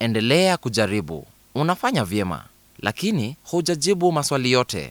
endelea kujaribu, unafanya vyema, lakini hujajibu maswali yote.